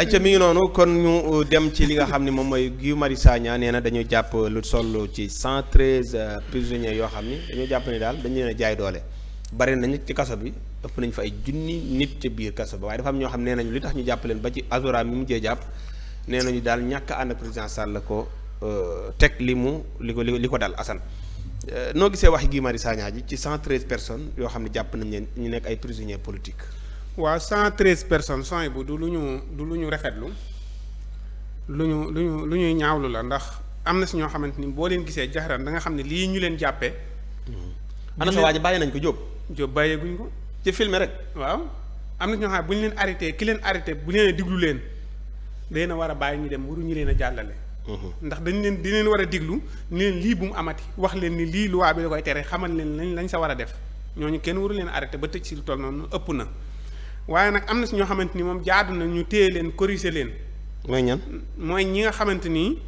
ayca mi mii noonu kon ñu euh, dem ci li nga xam ne moom mooy Guy Marius Sagna nee na dañu jàpp lu toll ci cent treize euh, prisonniers yoo xam ni dañoo jàpp ni daal dañu leen jaay doole bari nañu ci kaso bi ëpp nañ fa ay junni nit ca biir kaso bi waaye dafa am ñoo xam nee nañu li tax ñu jàpp leen ba ci azora mi mujjee jàpp nee nañu daal ñàkk ànd ak président la ko euh, teg li mu li ko li ko dal Assane noo gisee wax Guy mari Sagna ji ci cent treize personnes yoo xam ne jàpp nañ leen ñu nekk ay prisonniers politiques waaw cent treize personne son bu du lu ñu du lu ñu rafetlu lu ñu lu ñu lu ñuy ñaawlu la ndax am na si ñoo xamante ni boo leen gisee jaxran da nga xam ne lii ñu leen jàppee. Mm-hmm. ana sa waa ji bàyyi nañ ko Diop. Diop bàyyee guñ ko. ci filmer rek. waaw am na si ñoo bu ñu leen arrêté ki leen arrêté bu leen diglu leen leen na war a bàyyi ñu dem ñu leen jàllale. Mm-hmm. ndax dañ leen di leen war a diglu ni leen lii bu mu amati wax leen ni lii loi bi da koy tere xamal leen lañ lañ sa war a def ñooñu kenn waru leen arrêté ba tëj si lu noonu ëpp na. waaye nag am na si ñoo xamante ni moom jaadu na ñu téye leen corriger leen. mooy ñan mooy ñi nga xamante ni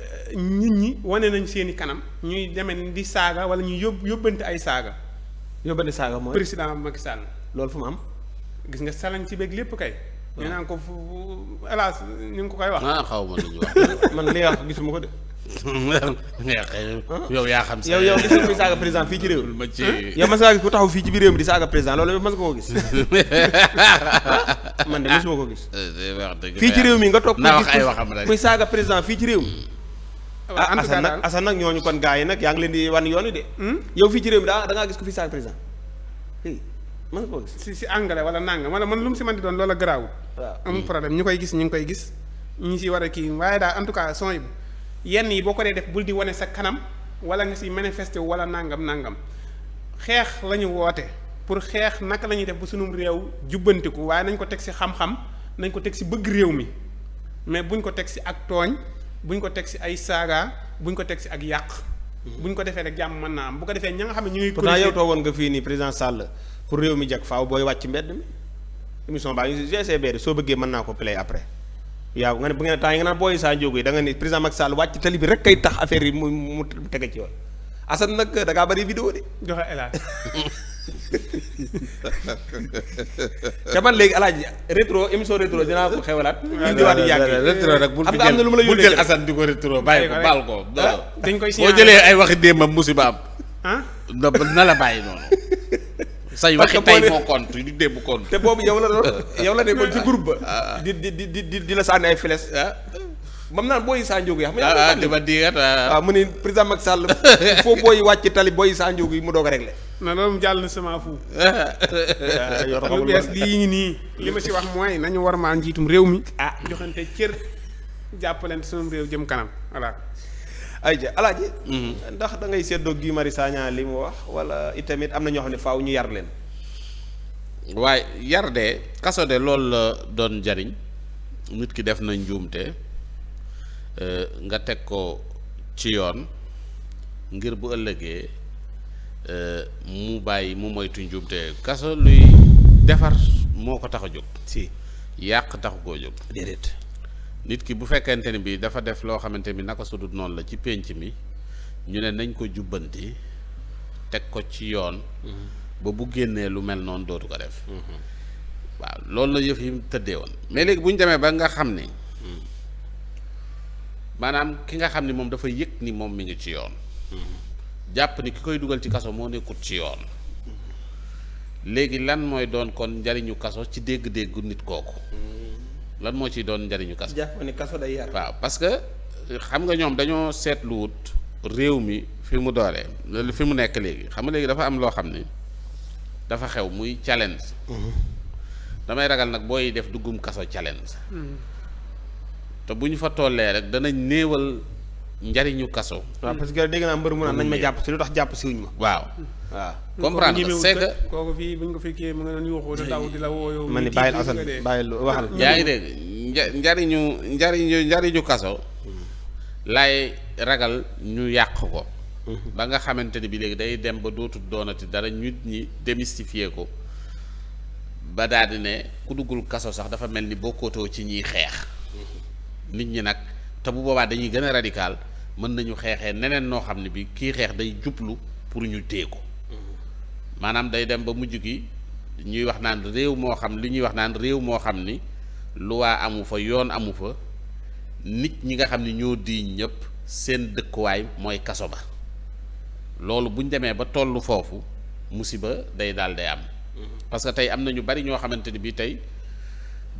eh, nit ñi wane nañ seeni kanam ñuy demee di saaga wala ñuy yób yóbbante ay saaga. yóbbante saaga mooy président Macky Sall. loolu fu mu am. gis nga salañ ci bég lépp kay. ñu naan ko fu hélas ñu ngi ko koy wax. ah xaw ma lu ñuy wax man li wax gisuma ko de. Eh, yow yaa xam yow yow gis nga kuy président fii ci réew ma ci yow mas gis ku taxaw fii ci biir réew mi di saaga président loolu yow mas nga ko gis man de mosuma ko gis eh, fii ci réew mi nga toog kuy saaga président fii ci réew mi ah asan ah, nag asan nag ñooñu kon gars yi nag yaa ngi leen di wan yoon wi de hmm? yow fii ci réew mi daa da gis ku fi saaga président man ko gis si si anglais wala nangam wala man lu mu si man di doon loola garaawul amul problème ñu koy gis ñu ngi koy gis ñu si war a kii waaye daal en tout cas son yi yenn yi boo ko dee def bul di wane sa kanam wala nga si manifesté wala nangam nangam xeex la ñu woote pour xeex naka la ñuy def bu sunum réew jubbantiku waaye nañ ko teg si xam-xam nañ ko teg si bëgg réew mi mais bu buñ ko teg si ak tooñ buñ ko teg si ay saaga buñ ko teg si ak yàq. buñ ko defee rek jàmm mën naa am bu ko defee ña nga xam ne ñu ngi. pourtant yow toogoon nga fii nii président Sall pour réew mi jag faaw booy wàcc mbedd mi émission baa ngi si GCB soo bëggee mën naa ko play après. yaaw nga ne bu ngeen taa yi nga naan booy saa njóogu yi da nga ne président Macky Sall wàcc tali bi rek kay tax affaire yi mu mu tege ci yoon Assane nag da ngaa bëri joxe El Hadj. te man léegi El Hadj rétro émission rétro dinaa ko xewalaat. indiwaat yu yàgg yi rétro nag bul fi jël bul jël Assane dañ koy signaler boo jëlee ay waxi démbam musiba am. ah na la bàyyi noonu. say waxi tey moo compte du démb compte te boobu yow la doon yow la nekkoon ci ah. groupe ba ah. di di di di di la sànni ay files ah. mam naan booy Issa Ndiogou yi xam nga dama di waaw mu ne président ma Sall il faut booy wàcc tali booy Issa Ndiogou yi mu doog a réglé na loolu jàll na sama fu lu bees lii ngi nii li ma si wax mooy nañu war maa njiitum réew mi ah joxante cër jàppalante sunu réew jëm kanam voilà ayja alaaji mhm. ndax da ngay seddoo Guy Marius li mu wax wala itamit am na ñoo xam ne faaw ñu yar leen waaye yar de kaso de loolu la doon jariñ nit ki def na njuumte euh, nga teg ko ci yoon ngir bu ëllëgee euh, mu bàyyi mu moytu njuumte kaso luy defar moo ko tax a jóg si yàq taxu koo jóg nit ki bu fekkente ni bi dafa def loo xamante ni naka sudut noonu la ci pénc mi ñu ne nañ ko jubbanti teg ko ci yoon mm-hmm. ba bu génnee lu mel noonu dootu ko def mm-hmm. waaw loolu la yëf yi tëddee woon mais léegi bu ñu demee ba nga xam ni mm-hmm. maanaam ki nga xam ni moom dafa yëg ni moom mi ngi ci yoon jàpp ni ki koy dugal ci kaso moo nekkut ci yoon léegi lan mooy doon kon njariñu kaso ci dégg-déggu nit kooku lan moo ciy doon njariñu kaso. jàpp ni kaso day yar. waaw parce que euh, xam nga ñoom dañoo seetluwut réew mi fi mu dooree fi mu nekk léegi xam nga léegi dafa am loo xam ni dafa xew muy challenge. Mm-hmm. damay ragal nag booy def duggum kaso challenge. Mm-hmm. te bu ñu fa tollee rek danañ néewal njariñu kaso. waaw parce que dégg naa mbër mu naan nañ ma jàpp si lu tax jàpp si wuñ ma. waaw waaw. comprendre nga kooku fii bu ñu ko fi mu ngi doon yuuxu daw di la woo ma ni bàyyil Assane bàyyil waxal. yaa ngi dégg njariñu njariñu njariñu kaso lay ragal ñu yàq ko. Mhm. ba nga xamante ni bi léegi day dem ba dootul doonati dara ñu ñi démystifier ko ba daal di ne ku duggul kaso sax dafa mel ni bokkootoo ci ñiy xeex mhm. nit ñi nag te bu boobaa dañuy gën a radical. mën nañu xeexee neneen noo xam ne bi kii xeex day jublu pour ñu téye ko maanaam day dem ba mujj gi ñuy wax naan réew moo xam li ñuy wax naan réew moo xam ni luwaa amu fa yoon amu fa nit ñi nga xam ni ñoo di ñëpp seen dëkkuwaay mooy kaso ba loolu bu ñu demee ba tollu foofu musiba day daal day am. Mm-hmm. parce que tey am na ñu bari ñoo xamante ni bii tey.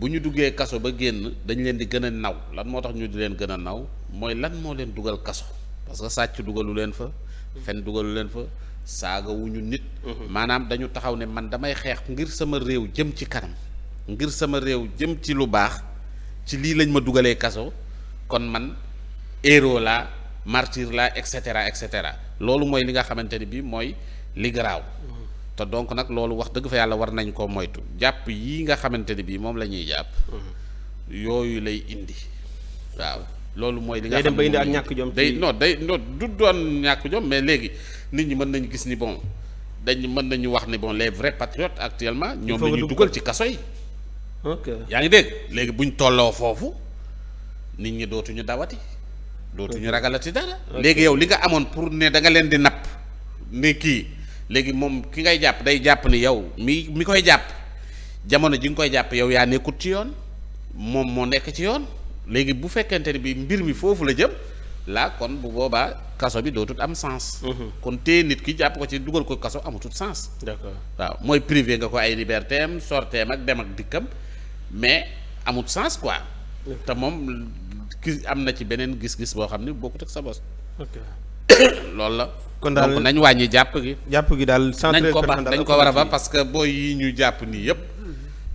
bu ñu duggee kaso ba génn dañ leen di gën a naw lan moo tax ñu di leen gën a naw mooy lan moo leen dugal kaso parce que sàcc dugalu leen fa fen dugalu leen fa saaga wu ñu nit mhm. maanaam dañu taxaw ne man damay xeex ngir sama réew jëm ci kanam ngir sama réew jëm ci lu baax ci lii lañ ma dugalee kaso kon man héros la martir la et cetera et cetera loolu mooy li nga xamante ni bii mooy li garaaw mhm. te donc nag loolu wax dëgg fa yàlla war nañ koo moytu jàpp yi nga xamante ni bii moom la ñuy jàpp. yooyu lay indi waaw. loolu mooy li nga xam dem ba indi ak ñàkk jom day non day non du doon ñàkk jom mais léegi nit ñi mën nañu gis ni bon dañ mën nañu wax ni bon les vrais patriotes actuellement. ñoom la ñuy dugal ci kaso yi. yaa ngi dégg léegi buñ tolloo foofu nit ñi dootuñu dawati. dootuñu ragalati dara. léegi yow li nga amoon pour ne danga leen di napp ne kii. léegi moom ki ngay jàpp day jàpp ni yow mi mi koy jàpp jamono ji nga koy jàpp yow yaa nekkut ci yoon moom moo nekk ci yoon léegi bu fekkente ni bi mbir mi foofu la jëm laa kon bu boobaa kaso bi dootut am sens. Mhm. kon téye nit ki jàpp ko ci dugal ko kaso amatut sens. d'accord waaw mooy privé nga ko ay liberté am sorté am ak dem ak dikkam mais amut sens quoi. te moom ki am na ci beneen gis-gis boo xam ni bokkut ak sa bos. loolu la. kon daal donc waa wàññi jàpp gi. jàpp gi daal cent nañ ko ba dañ ko war a ba parce booy yi ñu jàpp nii yëpp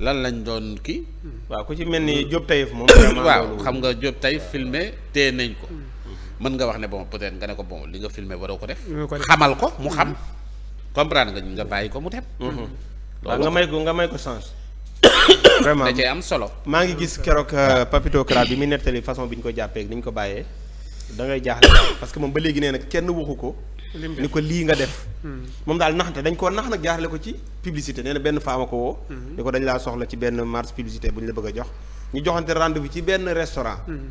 lan lañ doon kii. waaw ku ci mel ni Diop Taïf moom. xam nga Diop Taïf filmé téye nañ ko. mën nga wax ne bon peut nga ne ko bon li nga filmé waroo ko def. xamal ko mu xam. Mm-hmm. comprendre nga nga bàyyi ko mu dem. Mm-hmm. loolu nga may ko nga may ko sens. vraiment da am solo. maa ngi gis keroog euh, Papito bi muy nettali façon bi ñu ko jàppee ni ko bàyyee da ngay parce que moom ba léegi nee na kenn waxu ko. ni ko lii nga def hmm. moom daal naxante dañ koo nax nag jaarale ko ci publicité nee na benn femme ko woo hmm. ni ko dañ laa soxla ci benn marche publicité bu ñu la bëgg a jox ñu joxante rendez ci benn restaurant hmm.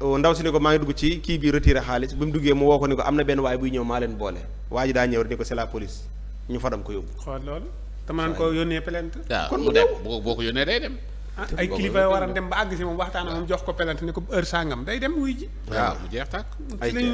oh, ndaw si ne ko maa ngi dugg ci kii bi retiré xaalis bi mu duggee mu woo ko ni ko am na benn waay buy ñëw maa leen boole waa ji daa ñëw rek ni ko c'est la police ñu fadam ko yóbbu xool loolu te mën yónnee plainte kon mu dem boo ko yónnee day dem ah, ay kilifa war dem ba àgg si waxtaan moom jox ko pelante ko heure day dem wuy ji waaw mu jeex tàkk